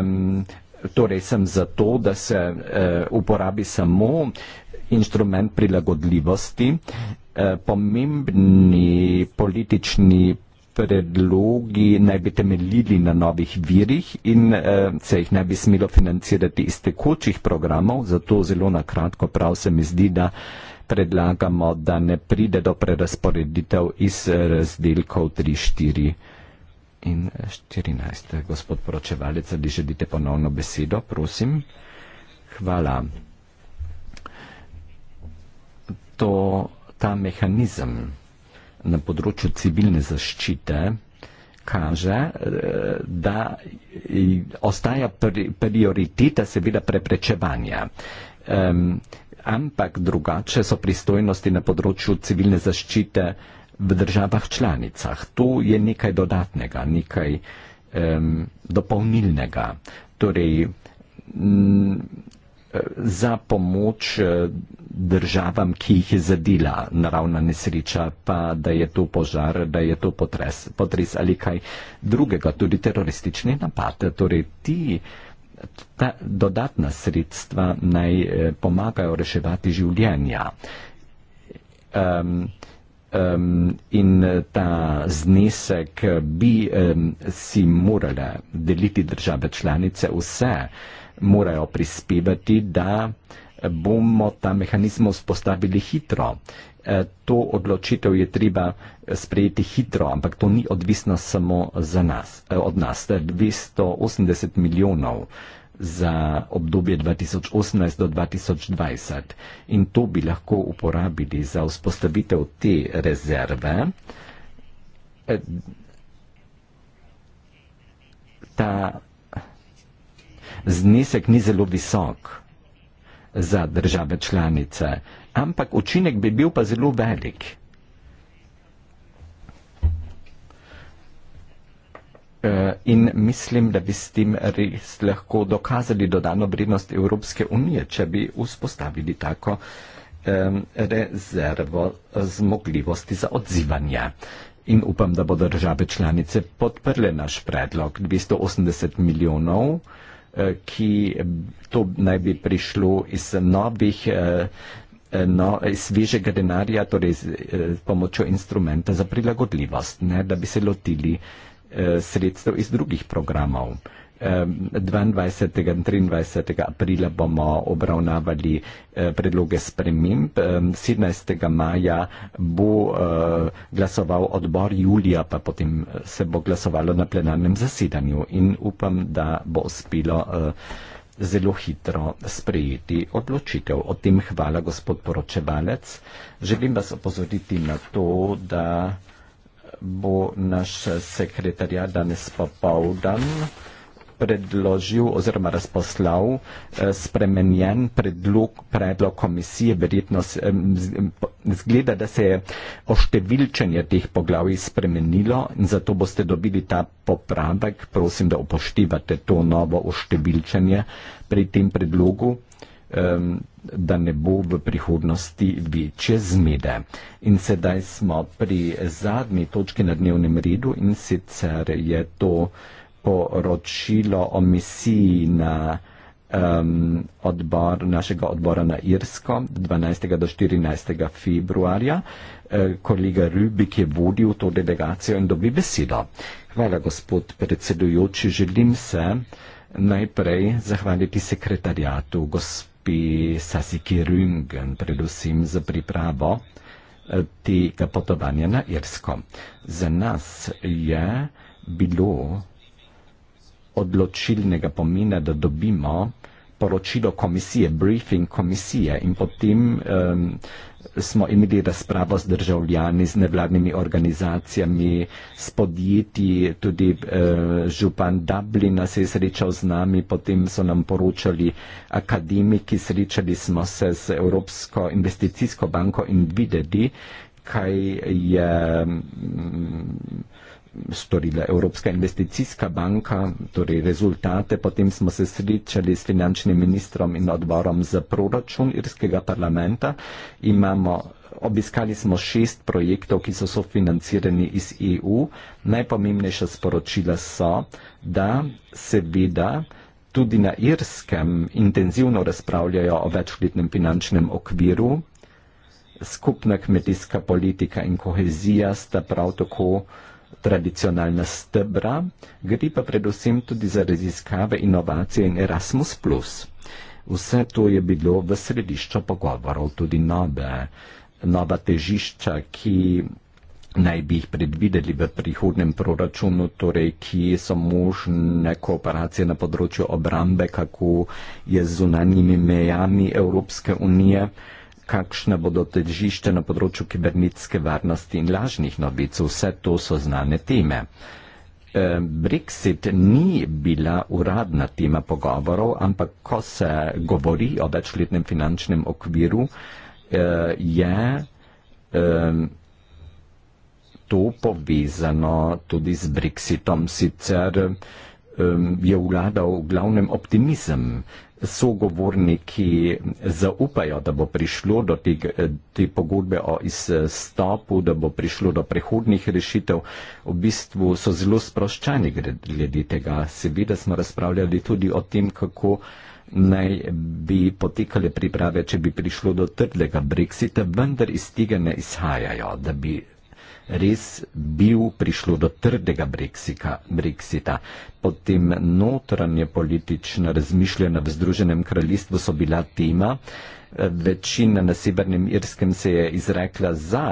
Um, torej sem za to, da se uh, uporabi samo instrument prilagodljivosti. Uh, pomembni politični predlogi naj bi temeljili na novih virih in eh, se jih ne bi smelo financirati iz tekočih programov, zato zelo na kratko prav se mi zdi, da eh, predlagamo, da ne pride do prerasporeditev iz razdelkov 3, 4 in 14. Gospod poročevalec, ali želite ponovno besedo, prosim. Hvala. To, ta mehanizem na področju civilne zaščite kaže, da ostaja prioriteta seveda preprečevanja ampak drugače so pristojnosti na področju civilne zaščite v državah članicah. Tu je nekaj dodatnega, nekaj um, dopolnilnega. Torej, za pomoč eh, državam, ki jih je zadila naravna nesreča, pa da je to požar, da je to potres, potres ali kaj drugega, tudi teroristični napad. Torej, ti ta dodatna sredstva naj eh, pomagajo reševati življenja. Um, um, in ta znesek bi um, si morale deliti države članice, vse morajo prispevati, da bomo ta mehanizem vzpostavili hitro. Uh, Eh, to odločitev je treba sprejeti hitro, ampak to ni odvisno samo za nas, eh, od nas. 280 milijonov za obdobje 2018 do 2020 in to bi lahko uporabili za vzpostavitev te rezerve. Eh, ta znesek ni zelo visok za države članice ampak učinek bi bil pa zelo velik. E, in mislim, da bi s tem res lahko dokazali dodano vrednost Evropske unije, če bi vzpostavili tako um, rezervo zmogljivosti za odzivanje. In upam, da bodo države članice podprle naš predlog 280 milijonov, e, ki to naj bi prišlo iz novih. Uh, no, svežega denarja, torej z eh, pomočjo instrumenta za prilagodljivost, ne, da bi se lotili eh, sredstev iz drugih programov. Eh, 22. in 23. aprila bomo obravnavali eh, predloge sprememb, eh, 17. maja bo eh, glasoval odbor, julija pa potem eh, se bo glasovalo na plenarnem zasedanju in upam, da bo uspelo. Eh, zelo hitro sprejeti odločitev. O tem hvala, gospod poročevalec. Želim vas opozoriti na to, da bo naš sekretarjat danes popovdan predložil oziroma razposlal eh, spremenjen predlog, predlog komisije, verjetno zgleda, da se je oštevilčenje teh poglavij spremenilo in zato boste dobili ta popravek. Prosim, da upoštevate to novo oštevilčenje pri tem predlogu da ne bo v prihodnosti večje zmede. In sedaj smo pri zadnji točki na dnevnem redu in sicer je to uh, poročilo o misiji na um, odbor, našega odbora na Irsko 12. do 14. februarja. E, kolega Rubik je vodil to delegacijo in dobi besedo. Hvala, gospod predsedujoči. Želim se najprej zahvaliti sekretarjatu gospi Sasiki Rüngen, predvsem za pripravo e, tega potovanja na Irsko. Za nas je bilo odločilnega pomena, da dobimo poročilo komisije, briefing komisije in potem um, smo imeli razpravo z državljani, z nevladnimi organizacijami, s podjetji, tudi uh, župan Dublina se je srečal z nami, potem so nam poročali akademiki, srečali smo se z Evropsko investicijsko banko in videli, kaj je. Um, storila Evropska investicijska banka, torej rezultate. Potem smo se srečali s finančnim ministrom in odborom za proračun Irskega parlamenta. Imamo, obiskali smo šest projektov, ki so sofinancirani iz EU. Najpomembnejša sporočila so, da seveda tudi na Irskem intenzivno razpravljajo o večletnem finančnem okviru. Skupna kmetijska politika in kohezija sta prav tako uh, tradicionalna stebra, gre pa predvsem tudi za raziskave, inovacije in Erasmus. Vse to je bilo v središču pogovorov, tudi nove, nova težišča, ki naj bi jih predvideli v prihodnem proračunu, torej ki so možne kooperacije na področju obrambe, kako je z zunanjimi mejami Evropske unije kakšne bodo težišče na področju kibernetske varnosti in lažnih novic. Vse to so znane teme. E, Brexit ni bila uradna tema pogovorov, ampak ko se govori o večletnem finančnem okviru, e, je e, to povezano tudi z Brexitom. Sicer je vladal v glavnem optimizem. Sogovorniki zaupajo, da bo prišlo do te, te pogodbe o izstopu, da bo prišlo do prehodnih rešitev. V bistvu so zelo sproščani glede tega. Seveda smo razpravljali tudi o tem, kako naj bi potekale priprave, če bi prišlo do trdega brexita, vendar iz tega ne izhajajo, da bi res bil prišlo do trdega breksika, breksita. Potem notranje politična razmišljena v Združenem kraljestvu so bila tema. Večina na Severnem Irskem se je izrekla za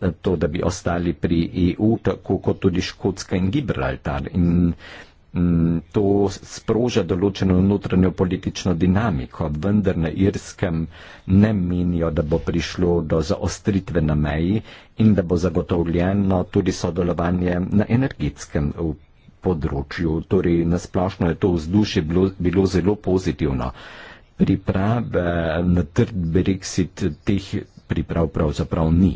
eh, to, da bi ostali pri EU, tako kot tudi Škotska in Gibraltar. In Mm, to sproža določeno notranjo politično dinamiko, vendar na Irskem ne menijo, da bo prišlo do zaostritve na meji in da bo zagotovljeno tudi sodelovanje na energetskem področju. Torej, nasplošno je to vzdušje bilo, bilo zelo pozitivno. Priprave na trd Brexit teh priprav pravzaprav ni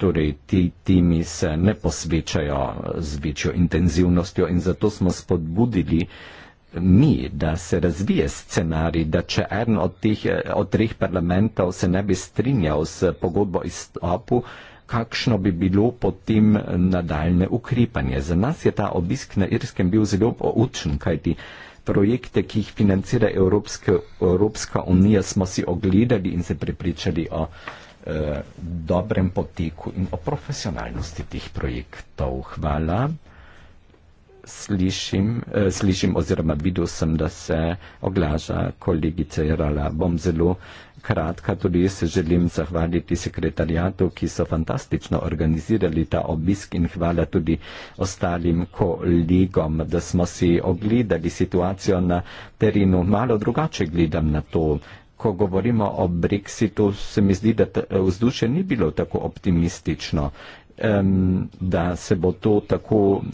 torej ti timi se ne posvečajo z večjo intenzivnostjo in zato smo spodbudili mi, da se razvije scenarij, da če en od, teh, od treh parlamentov se ne bi strinjal s pogodbo izstopu, kakšno bi bilo potem nadaljne ukrepanje. Za nas je ta obisk na Irskem bil zelo poučen, kajti projekte, ki jih financira Evropska, Evropska unija, smo si ogledali in se prepričali o Eh, dobrem poteku in o profesionalnosti teh projektov. Hvala. Slišim, eh, slišim oziroma videl sem, da se oglaža kolegica Jarala. Bom zelo kratka, tudi jaz se želim zahvaliti sekretarijatu, ki so fantastično organizirali ta obisk in hvala tudi ostalim kolegom, da smo si ogledali situacijo na terenu. Malo drugače gledam na to ko govorimo o Brexitu, se mi zdi, da vzdušje ni bilo tako optimistično, um, da se bo to tako um,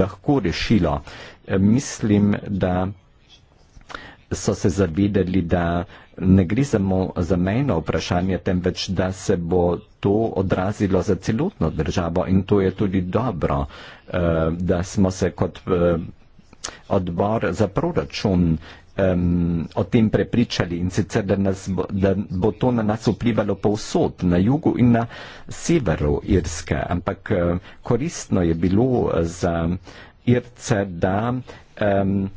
lahko rešilo. Um, mislim, da so se zavideli, da ne gre samo za mejno vprašanje, temveč da se bo to odrazilo za celotno državo in to je tudi dobro, eh, da smo se kot eh, odbor za proračun um, o tem prepričali in sicer, da, nas, da bo to na nas vplivalo povsod, na jugu in na severu Irske. Ampak koristno je bilo eh, za Irce, da um,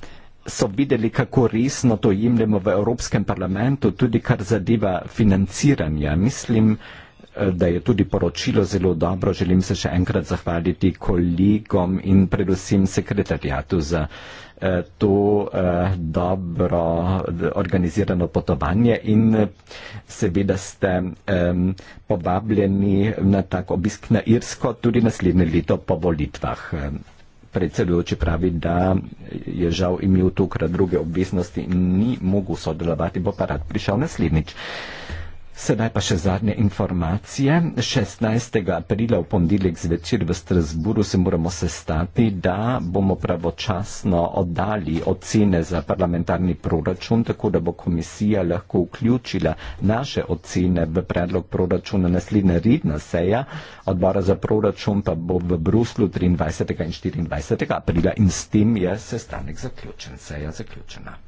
so videli, kako resno to jemljemo v Evropskem parlamentu, tudi kar zadeva financiranje. Mislim, da je tudi poročilo zelo dobro. Želim se še enkrat zahvaliti kolegom in predvsem sekretarjatu za eh, to eh, dobro organizirano potovanje in eh, seveda ste povabljeni na tak obisk na Irsko tudi naslednje leto po volitvah. Predsedujoči pravi, da je žal imel tukaj druge obveznosti in ni mogel sodelovati, bo pa rad prišel naslednjič. Sedaj pa še zadnje informacije. 16. aprila v ponedeljek zvečer v Strasburu se moramo sestati, da bomo pravočasno oddali ocene za parlamentarni proračun, tako da bo komisija lahko vključila naše ocene v predlog proračuna naslednja redna seja. Odbora za proračun pa bo v Bruslu 23. in 24. aprila in s tem je sestanek zaključen. Seja zaključena.